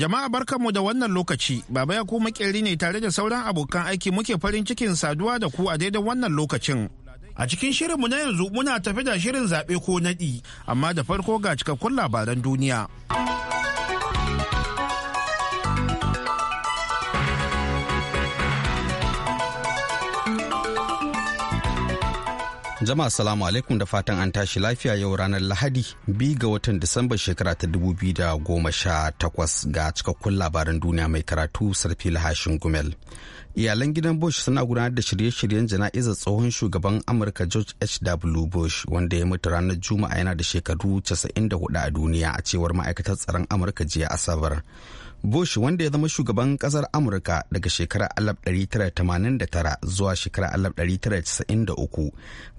Jama'a mu da wannan lokaci, Baba ya ku ne tare da sauran abokan aiki muke farin cikin saduwa da ku a daidai wannan lokacin. A cikin shirin mu na yanzu muna tafi da shirin zaɓe ko naɗi, amma da farko ga cikakkun labaran duniya. Jama'a salamu alaikum da fatan an tashi lafiya yau ranar Lahadi bi ga watan Disamba shekara ta dubu biyu da goma sha takwas ga cikakkun labaran duniya mai karatu sarfi lahashin gumel. Iyalan gidan Bush suna gudanar da shirye-shiryen jana'izar tsohon shugaban Amurka George H.W. Bush wanda ya mutu ranar Juma'a yana da shekaru 94 a duniya a cewar ma'aikatar tsaron Amurka jiya Asabar. Bush wanda ya zama shugaban kasar Amurka daga shekarar 1989 zuwa shekarar 1993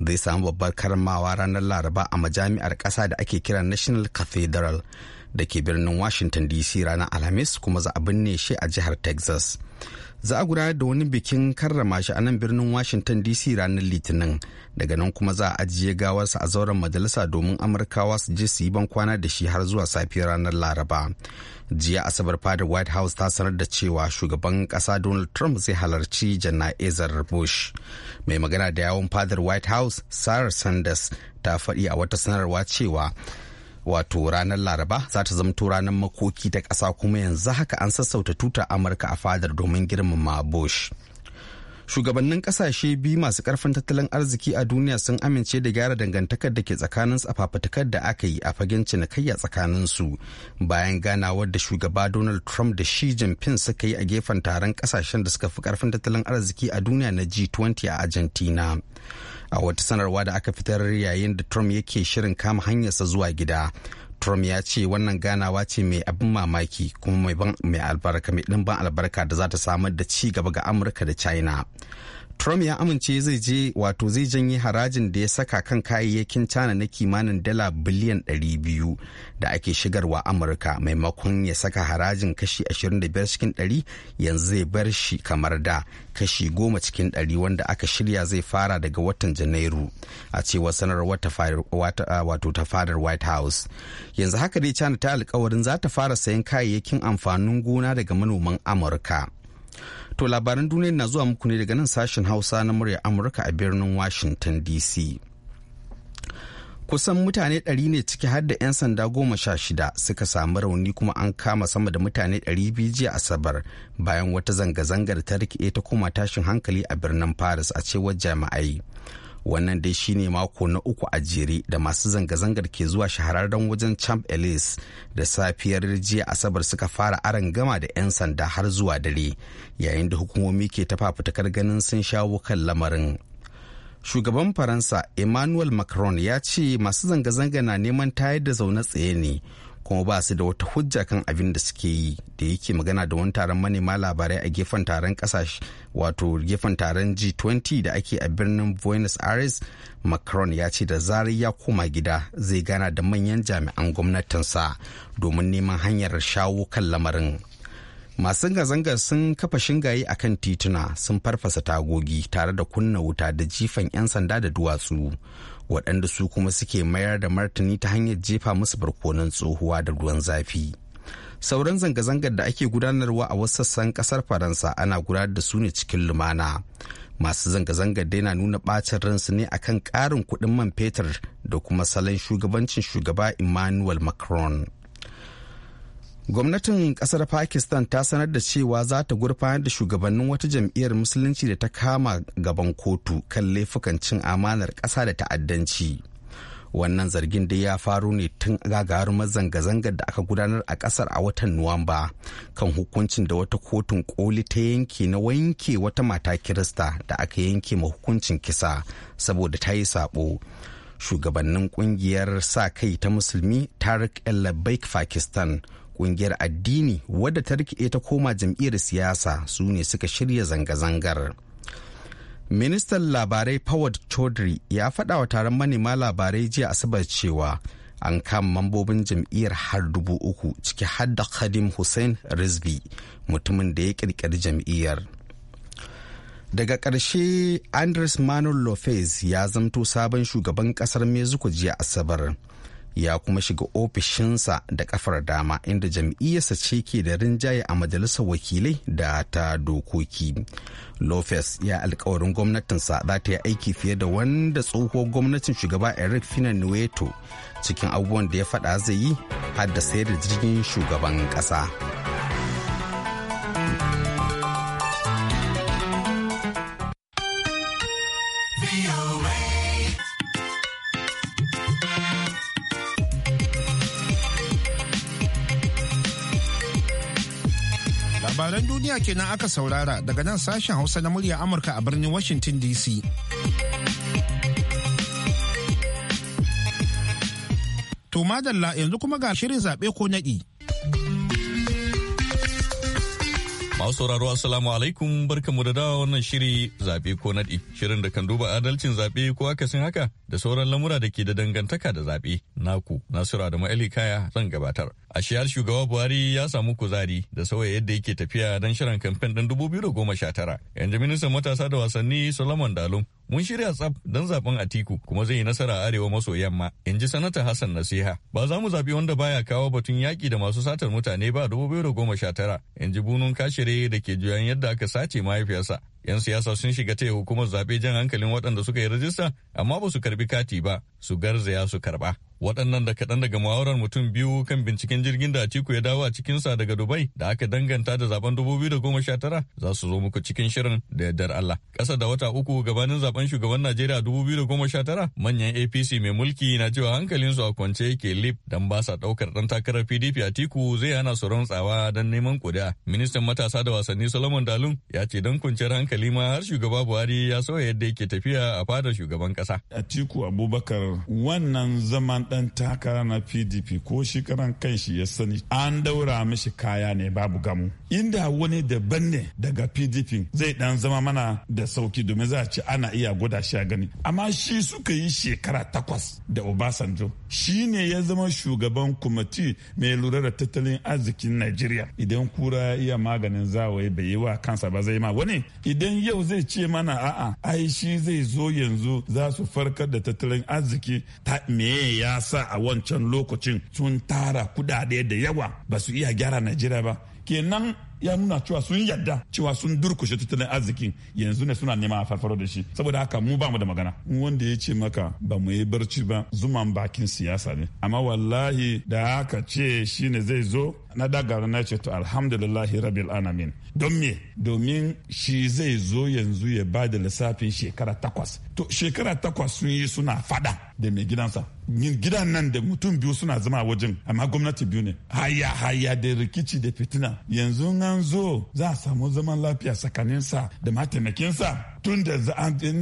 zai samu babbar karamawa ranar Laraba a majami'ar ƙasa da ake kira National Cathedral da ke birnin Washington DC ranar Alhamis kuma za a binne shi a jihar Texas. za a gudanar da wani bikin karrama shi a nan birnin washington dc ranar litinin daga nan kuma za a ajiye gawarsa a zauren majalisa domin amurkawa su je su yi ban kwana da shi har zuwa safiyar ranar laraba jiya asabar fadar white house ta sanar da cewa shugaban kasa donald trump zai halarci jana'izar bush mai magana da yawon fadar white house sarah sanders ta faɗi a wata sanarwa cewa wato ranar laraba za ta zamto ranar makoki ta ƙasa kuma yanzu haka an sassauta tutar amurka a fadar domin girmama bush shugabannin kasashe biyu masu karfin tattalin arziki a duniya sun amince da gyara dangantakar da ke tsakanin a fafutukar da aka yi a fagen cinikayya tsakanin su bayan ganawar da shugaba donald trump da shi jinping suka yi a gefen taron kasashen da suka fi karfin tattalin arziki a duniya na g20 a argentina a wata sanarwa da aka fitar yayin da trump yake shirin kama hanyarsa zuwa gida trump ya ce wannan ganawa ce mai abin mamaki kuma mai albarka albarka da za ta samar da ci gaba ga amurka da china Trump ya amince zai je wato zai janye harajin da ya saka kan kayayyakin China na kimanin dala biliyan 200 da ake shigarwa Amurka maimakon ya saka harajin kashi 25 cikin 100 yanzu zai bar shi kamar da kashi 10 cikin 100 wanda aka shirya zai fara daga watan Janairu a cewar sanarwar wato ta fadar White House. Yanzu haka dai China ta alkawarin za ta fara sayan kayayyakin amfanin gona daga manoman Amurka. To labaran duniya na zuwa muku ne daga nan sashen Hausa na murya Amurka a birnin Washington DC. Kusan mutane ɗari ne ciki har da 'yan sanda goma sha shida suka samu rauni kuma an kama sama da mutane ɗari biyu jiya Asabar bayan wata zanga-zangar ta rikiɗe ta koma tashin hankali a birnin Paris a cewar jami'ai. wannan dai shine mako na uku a jere da masu zanga-zangar ke zuwa shahararren wajen champ elis da safiyar jiya asabar suka fara aron gama da 'yan sanda har zuwa dare yayin da hukumomi ke ta fafutukar ganin sun shawo kan lamarin shugaban faransa emmanuel macron ya ce masu zanga-zanga na neman tayar da zaune tsaye ne kuma ba su da wata hujja kan abin da suke yi da yake magana da wani taron manema labarai a gefen taron kasashe wato gefen taron g20 da ake a birnin buenos aires macron ya ce da zarar ya koma gida zai gana da manyan jami'an gwamnatinsa domin neman hanyar shawo kan lamarin masu zanga-zangar sun kafa shingaye a kan tituna sun farfasa tagogi tare da kunna wuta da jifan 'yan sanda da duwatsu waɗanda su kuma suke mayar da martani ta hanyar jefa musu barkonan tsohuwa da ruwan zafi sauran zanga-zangar da ake gudanarwa a wasu sassan kasar faransa ana gudanar da su ne cikin lumana masu zanga-zangar dai na nuna bacin ransu ne akan ƙarin kuɗin man fetur da kuma salon shugabancin shugaba emmanuel macron gwamnatin kasar pakistan ta sanar da cewa za ta gurfanar da shugabannin wata jam'iyyar musulunci da ta kama gaban kotu kan laifukan cin amanar ƙasa da ta'addanci wannan zargin dai ya faru ne tun gagarumar zanga-zangar da aka gudanar a ƙasar a watan nuwamba kan hukuncin da wata kotun koli ta yanke na wanke wata mata kirista da aka yanke ma hukuncin kisa saboda ta yi sabo shugabannin ƙungiyar sa kai ta musulmi tariq el pakistan kungiyar addini wadda ta rikide ta koma jam'iyyar siyasa su ne suka shirya zanga-zangar ministan labarai Fawad Chaudhry ya faɗa wa taron manema labarai jiya asabar cewa an kama mambobin jam'iyyar har dubu uku ciki har da Khadim Hussein Rizvi mutumin da ya kirkiri jam'iyyar. Daga ƙarshe Andres Manuel Lopez ya zamto sabon shugaban ƙasar Mexico jiya Asabar ya kuma shiga ofishinsa da kafar dama inda jam'iyyarsa ce ke da rinjaye a majalisar wakilai da ta dokoki lopez ya alkawarin gwamnatinsa za ta yi aiki fiye da wanda tsohuwar gwamnatin shugaba eric fina cikin abubuwan da ya faɗa zai yi har da sayar da jirgin shugaban ƙasa. duniya kenan aka saurara daga nan sashen hausa na murya amurka a birnin washington dc to madalla yanzu kuma ga shirin zaɓe ko naɗi Masu sauraro Assalamu alaikum barkamu da dawa wannan shiri zabe/ ko naɗi. Shirin da kan duba adalcin zabe ko akasin haka da sauran lamura da ke da dangantaka da zabe/ Naku Nasiru Adamu ma'ali Kaya zan gabatar. A shiyar shugaba Buhari ya samu kuzari da sauya yadda yake tafiya don shirin kamfen ɗin tara. Yanzu ministan matasa da wasanni Solomon Dalum mun shirya tsaf don zaben Atiku kuma zai yi nasara a arewa maso yamma in ji sanata Hassan Nasiha ba za mu zabi wanda baya kawo batun yaƙi da masu satar mutane ba dubu biyu da goma sha tara in ji bunun kashire da ke juyan yadda aka sace mahaifiyarsa 'yan siyasa sun shiga taya hukumar zaɓe jan hankalin waɗanda suka yi rajista amma ba su karɓi kati ba su garzaya su karɓa. waɗannan da kaɗan daga muhawarar mutum biyu kan binciken jirgin da Atiku ya dawo a cikinsa daga Dubai da aka danganta da zaben 2019 za su zo muku cikin shirin da yardar Allah. Ƙasa da wata uku gabanin zaben shugaban Najeriya dubu tara, manyan APC mai mulki na cewa hankalinsu a kwance yake lip dan ba sa ɗaukar ɗan takarar PDP Atiku zai hana su tsawa don neman ƙuri'a. Ministan matasa da wasanni Solomon Dalun ya ce don kwanciyar hankali ma har shugaba Buhari ya sauya yadda yake tafiya a fadar shugaban ƙasa. Atiku Abubakar wannan zaman dan takara na pdp ko shi karan kan shi ya sani an daura mishi kaya ne babu gamu inda wani daban ne daga pdp zai dan zama mana da sauki domin za a ana iya gwada shi a gani amma shi suka yi shekara takwas da obasanjo shi ne ya zama shugaban kumati mai lura da tattalin arzikin najeriya idan kura iya maganin zawayi bai yi wa kansa ba zai ma wani idan yau zai ce mana a'a ai shi zai zo yanzu za su farkar da tattalin arziki ta me ya sa a wancan lokacin sun tara kudade da yawa ba su iya gyara najeriya ba kenan ya nuna cewa sun yadda cewa sun durkushe tattalin arzikin yanzu ne suna neman a farfaro da shi saboda haka mu ba mu da magana wanda ya ce maka ba mu yi barci ba zuman bakin siyasa ne amma wallahi da haka ce shi ne zai zo na dagara na ce to alhamdulillahi rabbil alamin don me domin shi zai zo yanzu ya ba da lissafin shekara takwas to shekara takwas sun yi suna fada da mai gidansa gidan nan da mutum biyu suna zama wajen amma gwamnati biyu ne haya haya da rikici da fitina yanzu an zo za a samu zaman lafiya tsakaninsa da mataimakinsa tun da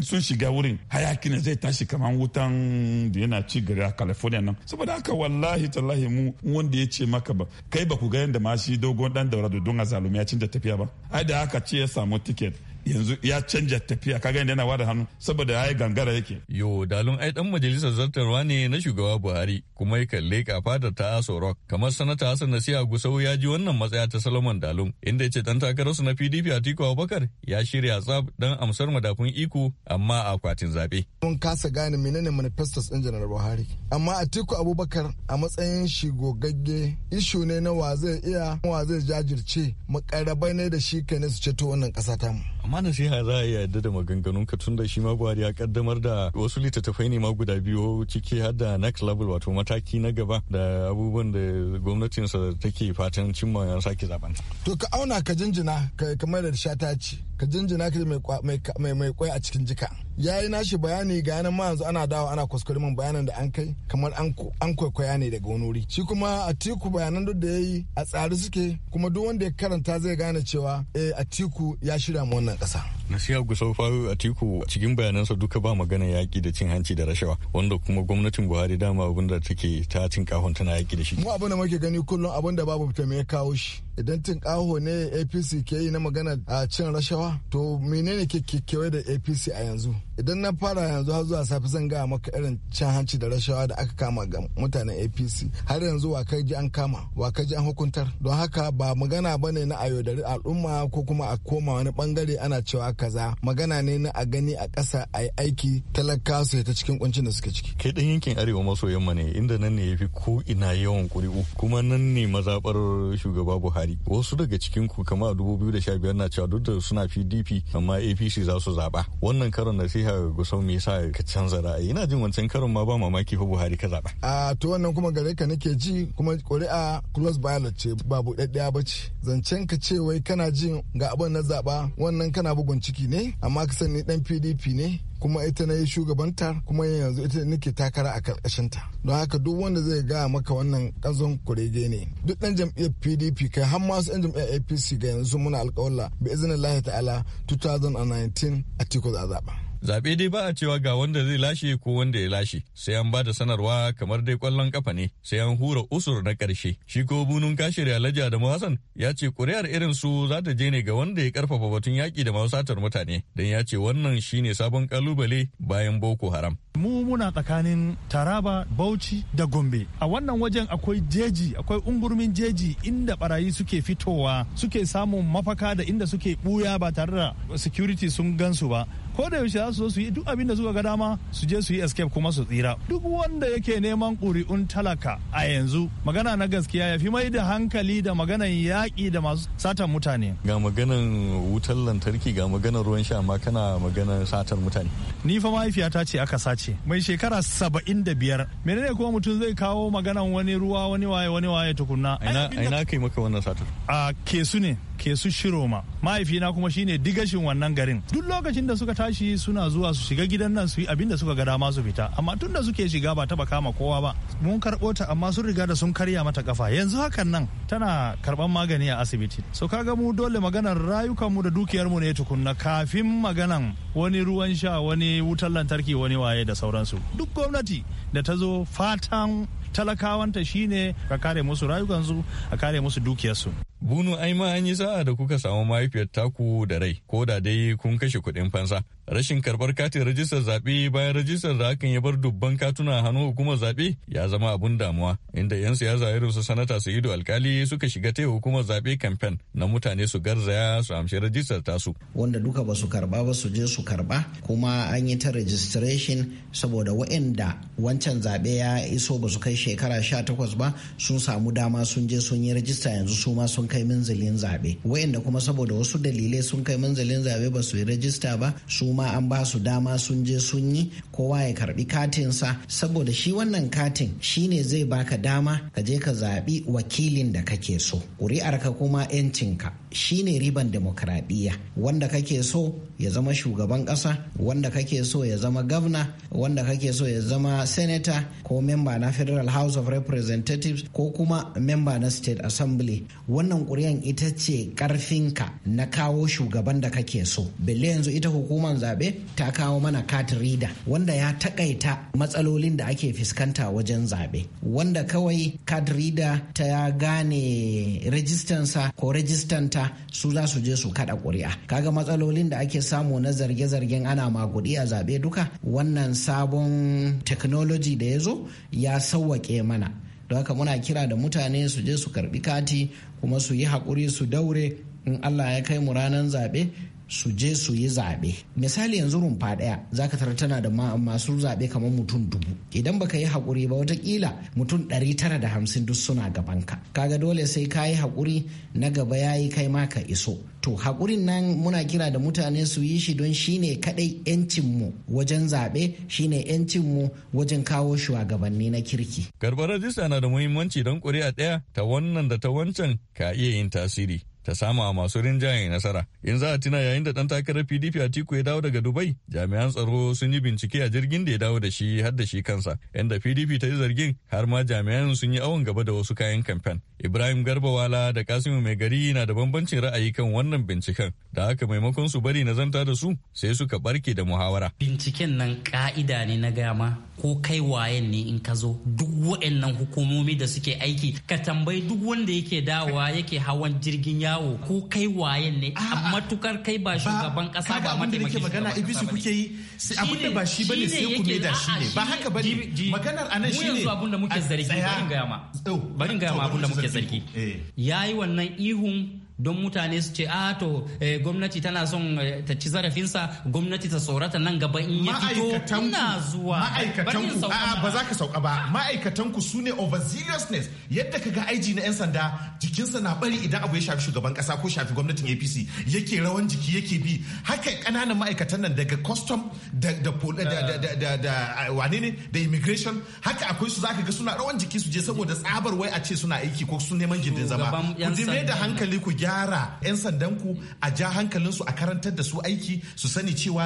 sun shiga wurin hayaki zai tashi kamar wutan da yana ci gari a california nan saboda haka wallahi tallahi mu wanda ya ce maka ba kai ba ku ga yadda ma shi dogon dan daura don a zalumi ya cin da tafiya ba ai da haka ce ya samu tiket yanzu ya canja tafiya ka gani yana wada hannu saboda ya yi gangara yake. Yo dalun ai dan majalisar zartarwa ne na shugaba Buhari kuma ya kalle ka fadar ta Aso Rock kamar sanata Hassan Nasiha Gusau ya ji wannan matsaya ta Solomon Dalun inda ya ce dan takarar takararsu na PDP Atiku Abubakar ya shirya tsab dan amsar madafun iko amma a akwatin zabe. Mun kasa gane menene manifestos din Janar Buhari amma Atiku Abubakar a matsayin shigogagge ishu ne na wa zai iya wa zai jajirce makarabai ne da shi kai ne su ceto wannan kasa tamu. amma nasiha za a yarda da maganganun ka tun da shi ma buhari ya kaddamar da wasu littattafai ne ma guda biyu ciki har da next level wato mataki na gaba da abubuwan da gwamnatinsa take fatan cimma ya sake zaben to ka auna ka jinjina kamar da sha ta ce ka jinjina ka mai kwai a cikin jika ya yi nashi bayani ga yanan ma yanzu ana dawo ana kuskure min bayanan da an kai kamar an kwaikwaya ne daga wani wuri shi kuma atiku bayanan duk da ya yi a tsari suke kuma duk wanda ya karanta zai gane cewa eh atiku ya shirya mu wannan kasa nasiha gusau faru atiku cikin bayanansa duka ba magana yaƙi da cin hanci da rashawa wanda kuma gwamnatin buhari dama abin da take ta cin kahon tana yaƙi da shi mu abin da muke gani kullum abin da babu fita ya kawo shi idan tin kaho ne apc ke yi na magana a ah, cin rashawa to menene ke kewaye da apc a yanzu idan na fara yanzu har zuwa safi zan gaya maka irin cin hanci da rashawa da aka kama ga mutanen apc har yanzu wa kai ji an kama wa kai ji an hukuntar don haka ba magana ba ne na a yaudari al'umma ko kuma a koma wani bangare ana cewa kaza magana ne na a gani a kasa a yi aiki talaka su ta cikin kuncin da suke ciki kai dan yankin arewa maso yamma ne inda nan ne yafi ko ina yawan ƙuri'u kuma nan ne mazabar shugaba buhari wasu daga cikin ku kama a biyar na cewa duk da suna pdp amma apc za su zaɓa wannan karon nasiha jiha gusau me yasa ka canza ra'ayi ina jin wancan karin ma ba mamaki fa buhari ka zaɓa. a to wannan kuma gare ka nake ji kuma ƙuri'a close ballot ce ba buɗaɗɗiya ba ce zancen ka ce wai kana jin ga abin na zaɓa wannan kana bugun ciki ne amma ka sani ɗan pdp ne kuma ita na yi shugabanta kuma yanzu ita nake takara a karkashinta don haka duk wanda zai gaya maka wannan kazon kurege ne duk dan jam'iyyar pdp kai har masu yan jam'iyyar apc ga yanzu muna alkawalla bi izinin lahi ta'ala 2019 a tiko za a zaba Zaɓe dai ba a cewa ga wanda zai lashe ko wanda ya lashe, sai an ba da sanarwa kamar dai kwallon ƙafa ne, sai an hura usur na ƙarshe. Shi ko bunun da Alhaji Adamu Hassan ya ce ƙuri'ar irin su za ta je ne ga wanda ya karfafa batun yaƙi da masatar mutane, don ya ce wannan shine sabon ƙalubale bayan Boko Haram. Mu muna tsakanin Taraba, Bauchi da Gombe. A wannan wajen akwai jeji, akwai ungurmin jeji inda barayi suke fitowa, suke samun mafaka da inda suke buya ba tare da security sun gansu ba. ko da yaushe za su zo su yi duk abin da suka ga dama su je su yi escape kuma su tsira duk wanda yake neman ƙuri'un talaka a yanzu magana na gaskiya ya fi mai da hankali da maganan yaƙi da masu satan mutane ga maganan wutar lantarki ga maganan ruwan sha amma kana maganan satar mutane ni fa mahaifiyata ce aka sace mai shekara saba'in da biyar menene kuma mutum zai kawo maganan wani ruwa wani waye wani waye tukunna aina kai maka wannan satar a kesu ne ke su shiroma mahaifina kuma shine digashin wannan garin duk lokacin da suka tashi suna zuwa su shiga gidan nan su yi abin da suka ga dama su fita amma tun da suke shiga ba taba kama kowa ba mun karɓo ta amma sun riga da sun karya mata kafa yanzu hakan nan tana karɓan magani a asibiti so ga mu dole maganar rayukan mu da dukiyar mu ne tukunna kafin maganan wani ruwan sha wani wutar lantarki wani waye da sauransu duk gwamnati da ta zo fatan talakawanta shine ka kare musu rayukansu a kare musu dukiyarsu bunu ai ma an yi sa'a da kuka samu mahaifiyar taku da rai ko da dai kun kashe kuɗin fansa rashin karbar katin rajistar zaɓe bayan rajistar da hakan ya bar dubban katuna a hannun hukumar zaɓe ya zama abun damuwa inda 'yan siyasa irin su sanata su alkali suka shiga taya hukumar zaɓe kamfen na mutane su garzaya su amshi rajistar tasu. wanda duka basu su karba ba su je su karba kuma an yi ta registration saboda waɗanda wancan zaɓe ya iso ba su kai shekara sha takwas ba sun samu dama sun je sun yi rajista yanzu su ma sun kai minzalin zaɓe waɗanda kuma saboda wasu dalilai sun kai minzalin zaɓe ba su yi rajista ba su ma an ba su dama sun je sun yi kowa ya karbi katinsa saboda shi wannan katin shine zai baka dama ka je ka zaɓi wakilin da kake so ƙuri'arka kuma 'yancinka ne riban demokradiyya wanda kake so ya zama shugaban ƙasa wanda kake so ya zama gavna wanda kake so ya zama senator ko memba na federal house of representatives ko kuma memba na state assembly wannan ƙuri'an ita ce ƙarfinka na kawo shugaban da kake so belle yanzu ita hukumar zaɓe ta kawo mana kati rida wanda ya takaita matsalolin da ake fuskanta wajen zaɓe wanda kawai kati rida ta gane rejistansa ko rajistanta su za su je su kaɗa ƙuri'a kaga matsalolin da ake samu na zarge-zargen ana maguɗi a zaɓe duka wannan sabon technology da ya zo ya sauwaƙe mana don haka muna kira da mutane su je su karbi kati kuma su yi haƙuri su daure in allah ya kai mu ranar zaɓe su je su yi zaɓe misali yanzu rumfa ɗaya za ka tara tana da masu zaɓe kamar mutum dubu idan baka yi haƙuri ba watakila mutum ɗari tara da hamsin duk suna gabanka kaga dole sai ka yi haƙuri na gaba ya yi kai ma ka iso to haƙurin nan muna kira da mutane su yi shi don shine kaɗai mu wajen zaɓe shine mu wajen kawo shugabanni na kirki. karbar rajista na da muhimmanci don ƙuri'a ɗaya ta wannan da ta wancan ka iya yin tasiri. ta sama masu rinjaye nasara. In za a tuna yayin da ɗan takarar PDP a tiku ya dawo daga Dubai, jami'an tsaro sun yi bincike a jirgin da ya dawo da shi har da shi kansa, inda PDP ta yi zargin har ma jami'an sun yi awon gaba da wasu kayan kamfen. Ibrahim Garbawala da Kasimu Mai Gari na da bambancin ra'ayi kan wannan binciken, da haka maimakon su bari na zanta da su sai suka barke da muhawara. Binciken nan ka'ida ne na gama ko kai wayen ne in ka zo duk wa'annan hukumomi da suke aiki ka tambayi duk wanda yake dawowa yake hawan jirgin ya yawo ko kai wayan ne a matukar kai ba shugaban kasa ba mataimakin magana ibisu kuke yi sai abin da ba shi bane sai ku da shi ne ba haka bane maganar anan shi ne abin da muke zargi bari ga ma bari ga ma abin da muke zargi eh. yayi wannan ihun don mutane su ce a ah, to eh, gwamnati tana son eh, ta ci zarafinsa gwamnati ta tsorata nan gaba in ya fito ina zuwa ma'aikatan ku ba za ka sauka ba ma'aikatan ku over seriousness yadda ka ga aiji na yan sanda jikinsa na bari idan abu ya shafi shugaban kasa ko shafi gwamnatin APC yake rawan jiki yake bi haka kananan ma'aikatan nan daga custom da da da da wane ne da immigration haka akwai su zaka ga suna rawan jiki su je saboda tsabar wai a ce suna aiki ko su neman gindin zama ku da hankali ku gyara gyara 'yan sandanku a ja hankalinsu a karantar da su aiki su sani cewa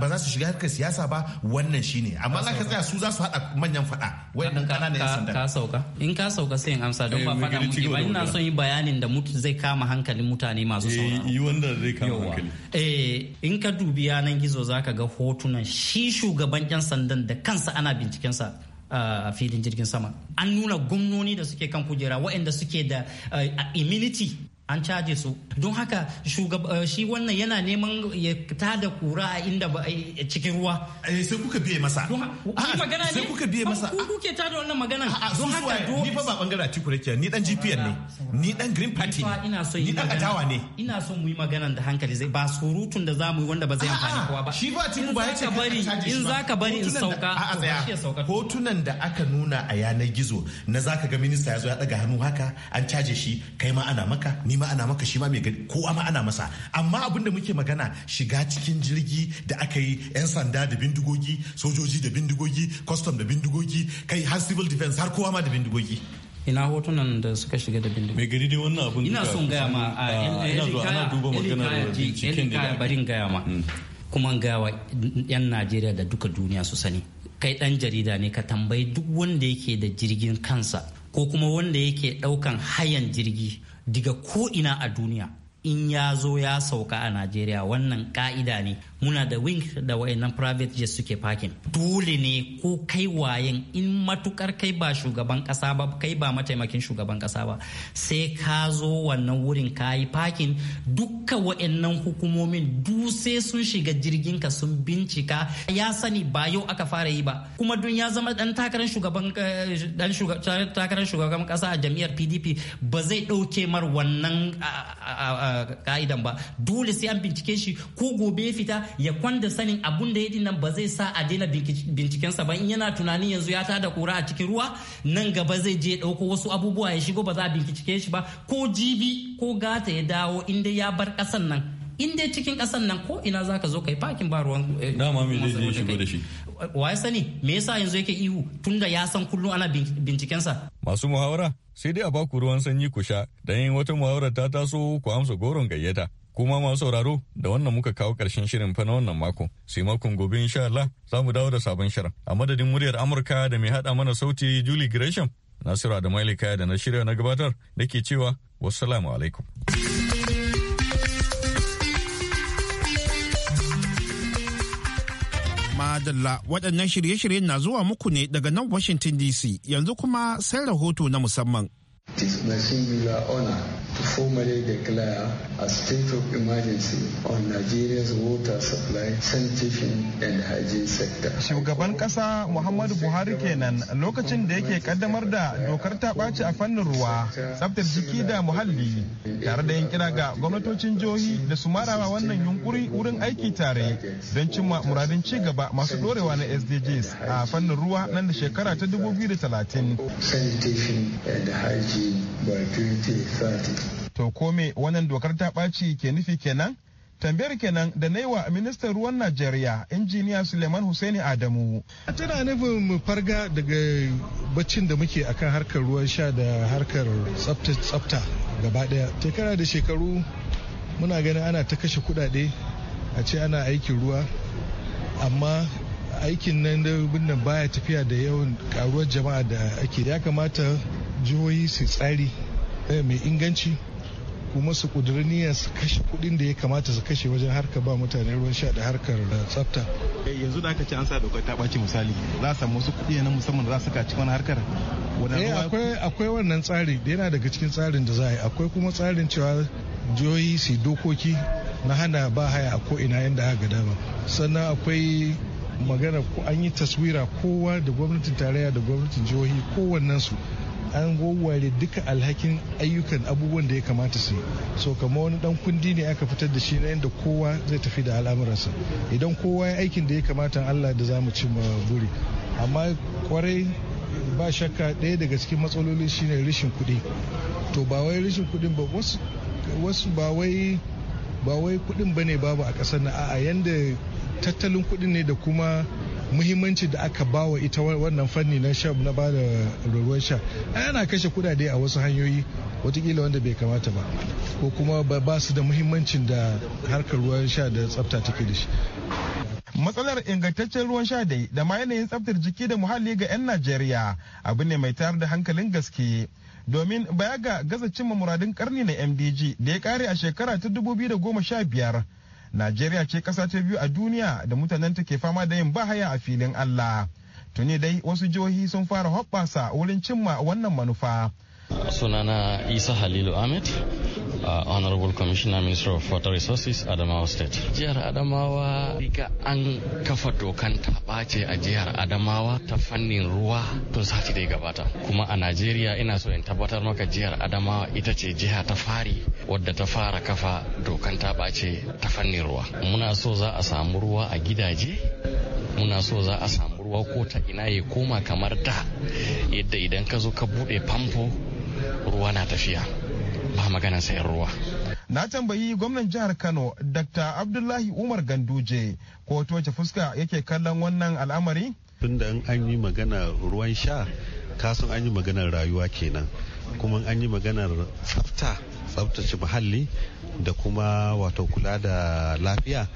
ba za su shiga harkar siyasa ba wannan shine amma za ka tsaya su za su haɗa manyan faɗa wayannan ƙananan 'yan sandan. ka sauka in ka sauka sai in amsa don ba eh, faɗa muke ba ina son yi bayanin da zai kama hankalin mutane masu eh, sauraro yi wanda zai kama hankali eh in ka dubi yanan gizo zaka ga hotunan shi shugaban 'yan sandan da kansa ana bincikensa a filin jirgin sama an nuna gumnoni da suke kan kujera waɗanda suke da immunity an caje su don haka eh, shi wannan yana neman ya tada kura a inda ba eh, cikin ruwa eh, sai kuka biye masa magana ne sai kuka biye masa ku kuke da wannan magana don haka ni fa ba bangare tiku rake ni dan GPN ne ni dan Green Party ne ni dan adawa ne ina son mu yi magana da hankali zai ba surutun da zamu yi wanda ba zai amfani kowa ba shi ba tiku ba yace bari in zaka bari in sauka hotunan da aka nuna a yanar gizo na zaka ga minista ya zo ya daga hannu haka an caje shi kai ma ana maka ni ma ana maka shi ma mai gani ko ma ana masa amma abin da muke magana shiga cikin jirgi da aka yi 'yan sanda da bindigogi sojoji da bindigogi custom da bindigogi kai har civil defense har kowa ma da bindigogi ina hotunan da suka shiga da bindigogi. Mai gari dai wannan abin ina son gaya ma a ah, ina zuwa ana duba maganar binciken da barin gaya ma hmm. kuma gawa yan Najeriya da duka duniya su sani kai dan jarida ne ka tambayi duk wanda yake da jirgin kansa ko kuma wanda yake daukan hayan jirgi daga ko ina a duniya in ya zo ya sauka a najeriya wannan ka'ida ne muna da wing da wayannan private jet suke parking dole ne ko kai wayen in matukar kai ba shugaban kasa ba kai ba mataimakin shugaban kasa ba sai ka zo wannan wurin ka yi parking dukka wayannan hukumomin du sai sun shiga jirgin ka sun bincika ya sani ba yau aka fara yi ba kuma dun ya zama dan takarar shugaban dan takarar shugaban kasa a jam'iyyar PDP ba zai dauke mar wannan ka'idan ba dole sai an bincike shi ko gobe ya fita ya kwanda sanin abun da ya dinnan ba zai sa a daina bincikensa ba in yana tunanin yanzu ya tada kura a cikin ruwa nan gaba zai je dauko wasu abubuwa ya shigo ba za a bincike shi ba ko jibi ko gata ya dawo inda ya bar kasan nan in cikin kasan nan ko ina za ka zo kai fakin ba ruwan eh, dama me zai je shigo da shi wa sani me yasa yanzu yake ihu tunda ya san kullum ana bincikensa masu muhawara sai dai a baku ruwan sanyi ku sha dan wata muhawara ta taso ku amsa goron gayyata Kuma masu sauraro da wannan muka kawo ƙarshen shirin fa na wannan mako. Sai makon gobe insha Allah za mu dawo da sabon shirin. A madadin muryar Amurka da mai hada mana sauti Julie Gresham. Nasiru da Kaya da na shirya na gabatar da ke cewa wassalamu alaikum. Madalla waɗannan shirye-shiryen na zuwa muku ne daga nan Washington DC yanzu kuma sai rahoto na musamman. It is my singular honor to formally declare a state of emergency on Nigeria's water supply, sanitation and hygiene sector. Shugaban kasa Muhammadu Buhari kenan lokacin da yake kaddamar da dokar ta ɓaci a fannin ruwa, tsaftar jiki da muhalli, tare da yin kira ga gwamnatocin jihohi da su marawa wannan yunkuri wurin aiki tare don cimma muradin ci gaba masu dorewa na SDGs a fannin ruwa nan da shekara ta 2030. Sanitation and hygiene by 2030. To kome wannan dokar ta ɓaci ke nufi kenan? tambayar kenan da na yi wa ministan ruwan najeriya injiniya suleiman hussaini adamu tana nufin mu farga daga baccin da muke akan harkar ruwan sha da harkar tsafta gaba daya shekara da shekaru muna ganin ana ta kashe kudade a ce ana aikin ruwa amma aikin nan da nan baya tafiya da yawan karuwar jama'a da ake ya kamata jihohi su tsari eh, mai inganci kuma su ƙudiri niyyar su kashe kuɗin da ya kamata su kashe wajen harka ba mutane ruwan sha da harkar eh, tsafta. Eh, yanzu da aka ci an sa dokar ta ɓaci misali za a samu wasu kuɗi na musamman da za su kaci wani harkar. Eh, akwai wannan tsari da yana daga cikin tsarin da za a yi akwai kuma tsarin cewa jihohi su dokoki na hana ba haya a ko'ina yadda aka dama sannan akwai magana an yi taswira kowa da gwamnatin tarayya da gwamnatin jihohi kowannensu su an wawware duka alhakin ayyukan abubuwan da ya kamata su yi so kamar wani dan kundi ne aka fitar da shi na yadda kowa zai tafi da al'amuransa idan kowa ya aikin da ya kamata allah da za mu ci buri amma kwarai ba shakka ɗaya daga cikin matsaloli shine rashin kuɗi to ba wai rashin kuɗin ba wasu ba wai ba wai kuɗin bane babu a ƙasar na a'a yanda tattalin kuɗin ne da kuma muhimmanci da aka bawa ita wannan fanni na sha na bada ruwan sha ana kashe kudade a wasu hanyoyi watakila wanda bai kamata ba ko kuma ba su da muhimmancin da harkar ruwan sha da tsafta take da shi matsalar ingantaccen ruwan sha dai da ma yanayin tsaftar jiki da muhalli ga 'yan najeriya abu ne mai tayar da hankalin gaske domin baya ga gaza cimma muradin karni na mdg da ya kare a shekara ta 2015 Najeriya ce ƙasa ta biyu a duniya da mutanen ke fama da yin bahaya a filin Allah. Tuni dai wasu jihohi sun fara hoɓɓasa wurin cimma wannan manufa. Sunana Isa Halilu Ahmed uh, honorable commissioner minister of water resources adamawa state jihar adamawa riga an kafa dokan ta a jihar adamawa ta fannin ruwa tun sati da ya gabata kuma a najeriya ina so in tabbatar maka jihar adamawa ita ce jiha ta fari wadda ta fara kafa dokan ta ta fannin ruwa muna so za a samu ruwa a gidaje muna so za a samu ruwa ko ta ina ya koma kamar da yadda idan ka zo ka buɗe famfo ruwa na tafiya Allah na tambayi gwamnan jihar kano dr abdullahi umar ganduje ko wace fuska yake kallon wannan al'amari tunda in an yi magana ruwan sha kasan an yi magana rayuwa kenan kuma an yi maganar tsafta tsaftace muhalli da kuma wato kula da lafiya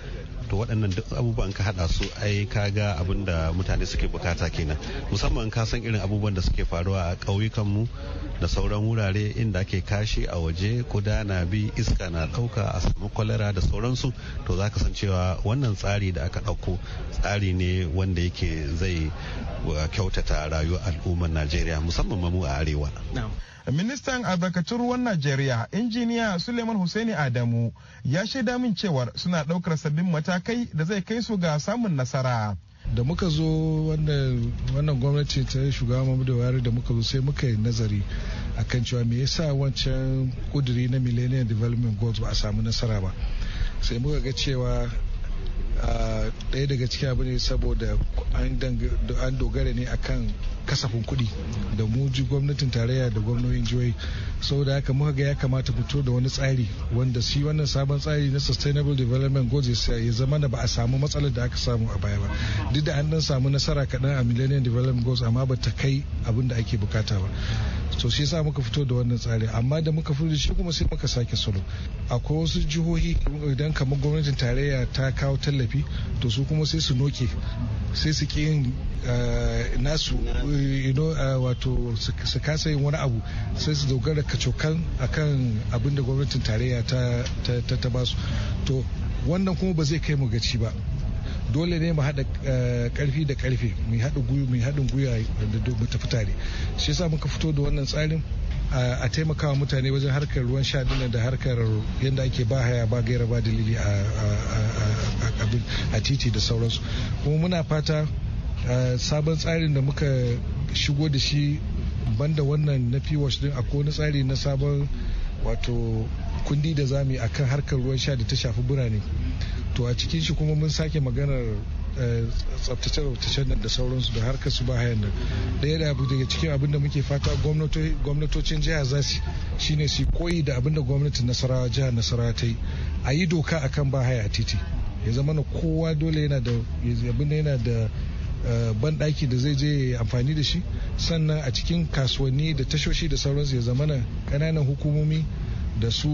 to waɗannan duk abubuwan ka haɗa su ai ka ga abin da mutane suke bukata kenan musamman ka san irin abubuwan da suke faruwa a ƙauyukanmu da sauran wurare inda ake kashi a waje kuda na bi iska na ɗauka a samu kwalara da sauransu to za ka san cewa wannan tsari da aka ɗauko tsari ne wanda yake zai uh, kyautata rayuwar al'ummar najeriya musamman mamu a arewa ministan albarkatun ruwan najeriya injiniya suleiman hussaini adamu ya shaida min cewar suna ɗaukar sabbin matakan matakai da zai kai su ga samun nasara da muka zo wannan gwamnati ta shugaba da wayar da muka zo sai muka yi nazari a kan cewa me yasa wancan kuduri na Millennium Development Goals ba a samu nasara ba sai muka ga cewa ɗaya daga cikin abu ne saboda an dogara ne akan kasafin kuɗi da muji gwamnatin tarayya da gwamnonin jihohi saboda haka muka ga ya kamata fito da wani tsari wanda shi wannan sabon tsari na sustainable development goals ya zama da ba a samu matsalar da aka samu a baya ba duk da an dan samu nasara kaɗan a millennium development goals amma ba ta kai abin da ake bukata ba so shi yasa muka fito da wannan tsari amma da muka fito da shi kuma sai muka sake salo akwai wasu jihohi idan kamar gwamnatin tarayya ta kawo tallafi to su kuma sai su noke sai su yin eh, nasu eh, eh, wato su kasa yin wani abu sai su dogara kacokan akan abin da gwamnatin tarayya ta ta basu to wannan kuma ba zai kai mu gaci ba dole ne mu haɗa karfi eh, da karfe mu haɗa guyu mu haɗin guya da mu tafi tare shi yasa muka fito da wannan tsarin a taimakawa mutane wajen harkar ruwan sha dinnan da harkar yadda ake ba haya ba gaira ba dalili a titi da sauransu kuma muna fata eh, sabon tsarin da muka shigo da shi banda wannan na wash din akwai wani tsari na sabon wato kundi da zamu yi akan harkar ruwan sha da ta shafi birane to a cikin shi kuma mun sake maganar eh, tsaftace nan da sauransu da harkar su hayan nan daya da abu daga cikin abinda muke fata gwamnatocin jiha za su ne su koyi da abinda da gwamnatin nasarawa jihar nasarawa ta yi a yi doka akan bahaya a titi ya zama na kowa dole yana da abin yana da eh, banɗaki da zai je amfani da shi sannan a cikin kasuwanni da tashoshi da sauransu ya zama na ƙananan hukumomi da su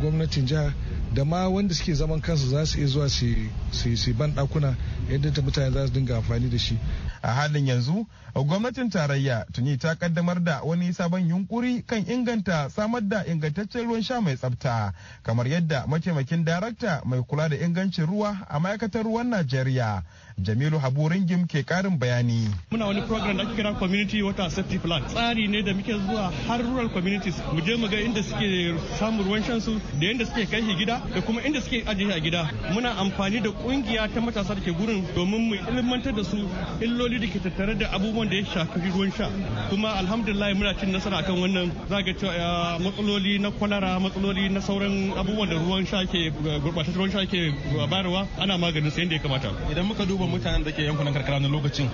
gwamnatin jiha da ma wanda suke zaman kansu za su iya zuwa su ban dakuna yadda ta mutane za su dinga amfani da shi a halin yanzu gwamnatin tarayya tuni ta kaddamar da wani sabon yunkuri kan inganta samar da ingantaccen ruwan sha mai tsabta kamar yadda mataimakin darakta mai kula da ingancin ruwa a ma'aikatar ruwan najeriya Jamilu Habu Ringim ke karin bayani. Muna wani program da ake kira Community Water Safety Plan. Tsari ne da muke zuwa har rural communities mu je mu ga inda suke samun ruwan shansu da yadda suke kai shi gida da kuma inda suke ajiye a gida. Muna amfani da kungiya ta matasa da ke gurin domin mu ilmantar da su illoli da ke tattare da abubuwan da ya shafi ruwan sha. Kuma alhamdulillah muna cin nasara akan wannan ga cewa matsaloli na kwalara matsaloli na sauran abubuwan da ruwan sha ke gurbatar ruwan sha ke bayarwa ana maganin sa yadda ya kamata. Idan muka duba mutanen da ke yankunan karkara na lokacin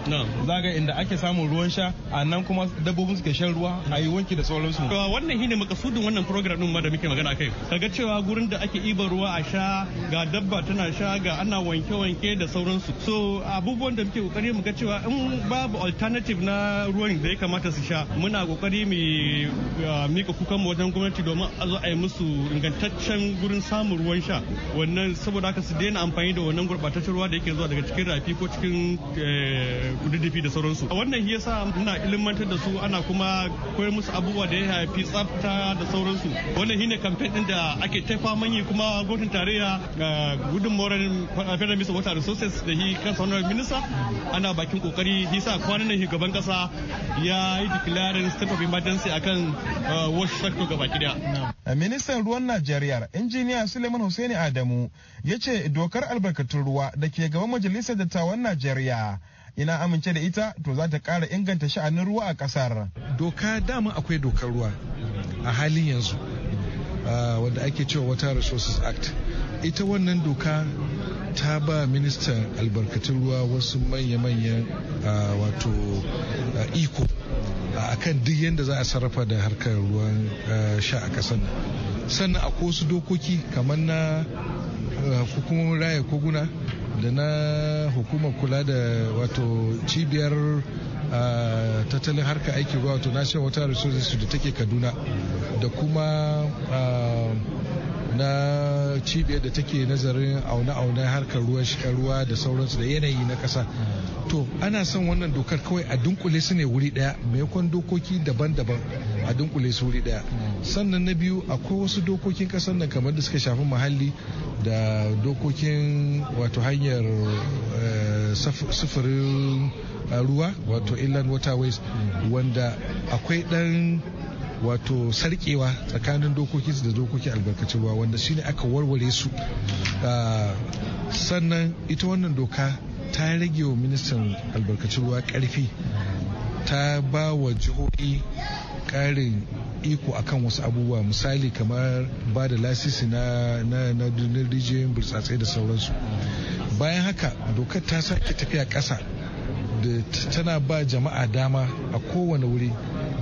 Zaga inda ake samun ruwan sha a nan kuma dabbobin suke shan ruwa a yi wanki da sauransu wannan shine makasudin wannan program din ma da muke magana kai kaga cewa gurin da ake ibar ruwa a sha ga dabba tana sha ga ana wanke-wanke da sauransu so abubuwan da muke kokari mu ga cewa in babu alternative na ruwan da ya kamata su sha muna kokari mu mika kukan mu wajen gwamnati domin a zo a yi musu ingantaccen gurin samun ruwan sha wannan saboda haka su daina amfani da wannan gurbataccen ruwa da yake zuwa daga cikin shafi ko cikin eh, kududdufi da sauransu wannan shi yasa muna ilimantar da su ana kuma koyar musu abubuwa da ya shafi tsafta da sauransu wannan shine kamfen din da ake faman yi kuma gwamnatin tarayya ga moran federal minister water resources da shi kansa wannan minista ana bakin kokari shi yasa kwanan nan shugaban kasa ya yi declaring state of emergency akan eh, wash sector gaba kida eh, ministan ruwan Najeriya injiniya Suleiman Hussein Adamu ya ce dokar albarkatun ruwa da ke gaban majalisar dattawan Najeriya. ina amince da ita to za ta ƙara inganta sha'anin ruwa a kasar. Doka dama akwai dokar ruwa a halin yanzu uh, wanda ake cewa Water Resources Act. Ita wannan doka ta ba ministan albarkatun ruwa wasu manya-manyan uh, wato uh, iko uh, a kan duk yadda za a sarrafa da harkar ruwan sha a ƙasar sannan akwai wasu dokoki kamar na hukumomin raya koguna da na hukumar kula da wato cibiyar tattalin harkar aikin ruwa wato national water resources da take kaduna da kuma na cibiyar da take nazarin aune-aune harkar ruwa da sauransu da yanayi na kasa. to ana son wannan dokar kawai a dunkule su ne wuri ɗaya maimakon dokoki daban-daban a dunkule su wuri daya sannan na biyu akwai wasu dokokin kasar nan kamar da suka shafi muhalli da dokokin wato hanyar eh, sufurin eh, ruwa wato inland waterways wanda akwai ɗan wato sarkewa tsakanin dokoki da dokokin albarkacin ruwa wanda shine aka warware su ah, sannan ita wannan doka ta rage wa ministan albarkacin ruwa karfi ta ba wa jihohi karin iko akan wasu abubuwa misali kamar ba da lasisi na na rijiyoyin burtsatsai da sauransu bayan haka dokar ta sake tafiya ƙasa da tana ba jama'a dama a kowane wuri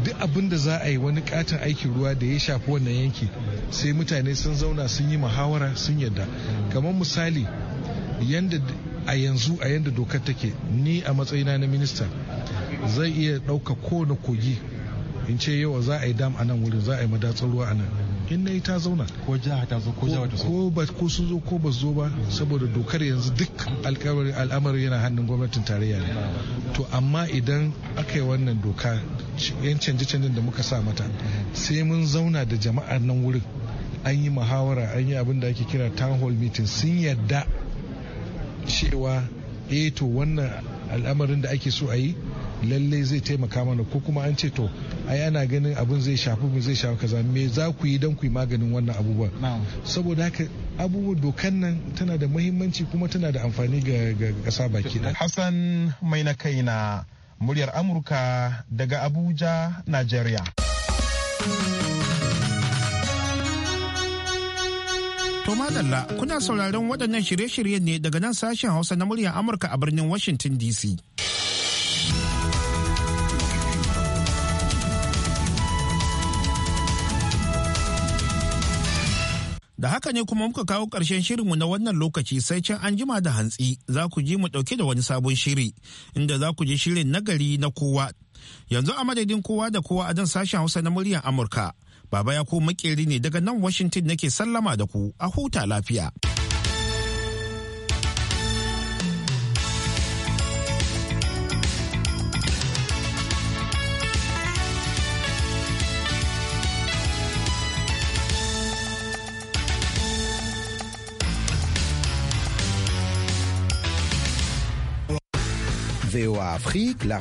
duk abin da za a yi wani katin aikin ruwa da ya shafi wannan yanki sai mutane sun zauna sun yi muhawara sun yadda kamar misali yadda a yanzu a yadda dokar take ni a matsayina na minista zai iya ɗauka kowane kogi in ce yawa za a yi dam a nan wurin za a yi madatsar ruwa a nan in na yi ta zauna ko jiha ta zo ko jiha ta zo ko ba sun zo ko ba zo ba saboda dokar yanzu duk alkawari al'amari yana hannun gwamnatin tarayya ne to amma idan aka yi wannan doka yan canje-canjen da muka sa mata sai mun zauna da jama'ar nan wurin an yi muhawara an yi abin da ake kira town hall meeting sun yadda cewa eh to wannan al'amarin da ake so a yi lallai zai taimaka mana ko kuma an ce to ai ana ganin abin zai shafi mu zai shafi kaza me za ku yi don ku yi maganin wannan abubuwan saboda haka abubuwan dokan nan tana da muhimmanci kuma tana da amfani ga kasa baki da Hassan mai na kaina muryar Amurka daga Abuja Nigeria To madalla kuna sauraron waɗannan shirye shirye ne daga nan sashen Hausa na muryar Amurka a birnin Washington DC. Da haka ne kuma muka kawo ƙarshen shirinmu na wannan lokaci sai can an jima da hantsi za ku ji mu ɗauke da wani sabon shiri inda za ku ji shirin nagari na kowa. Yanzu a madadin kowa da kowa a dan sashen Hausa na muryar Amurka. Baba ya ko makeri ne daga nan Washington nake sallama da ku a huta lafiya. VOA Afrique, la